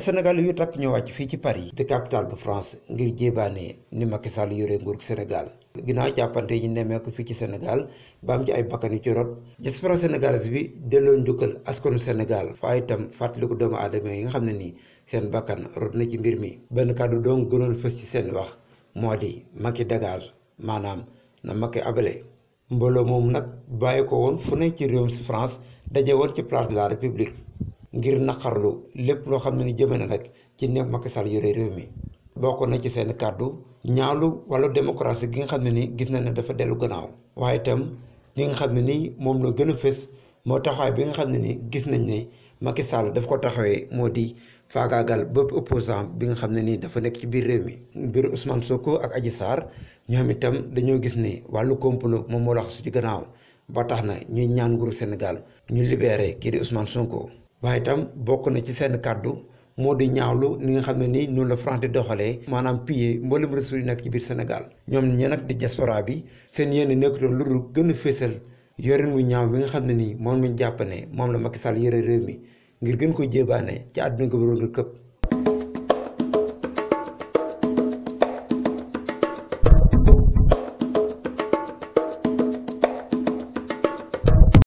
Sénégal yu takk ñoo wàcc fii ci Paris de capitale bu France ngir jéebaane ni Macky Sall yore nguur Sénégal ginnaaw jàppante yi nemmeeku fii ci Sénégal baam ci ay bakkan yu ci rot diaspora sénégalaise bi delloo njukkal askanu Sénégal faa itam fàttaliku doomu aadama yi nga xam ne nii seen bakkan rot na ci mbir mi benn kàddu donc gënoon fës ci seen wax moo di Macky dégage maanaam na Macky abale mbooloo moom nag bàyyi ko woon fu ne ci réewum si France daje woon ci place la République ngir naqarlu lépp loo xam ne ni jëme na nag ci ne Macky Sall yore réew mi bokk na ci seen kàddu ñaalu wàllu démocratie gi nga xam ne ni gis na ne dafa dellu gannaaw waaye itam li nga xam ne ni moom la gën a fës moo taxawaay bi nga xam ne ni gis nañ ne Macky Sall daf ko taxawee moo di faagaagal bépp opposant bi nga xam ne ni dafa nekk ci biir réew mi mbir Ousmane Sonko ak Adji Sarr ñoom itam dañoo gis ne wàllu complot moom moo laxasu ci gannaaw ba tax na ñuy ñaan nguuru Sénégal ñu libéré kii di Ousmane waaye itam bokk na ci seen kàddu moo di ñaawlu ni nga xam ne nii noonu la France di doxalee. maanaam pillé mboolem ressources yi nekk ci biir Sénégal. ñoom ñi nag di diaspora bi seen yéene nekkutoon lu dul gën a fésal yorin wu ñaaw mi nga xam ne nii moom lañ jàpp ne moom la Macky Sall yore réew mi ngir gën ko jébaane ci àdduna ko wërëngal këpp.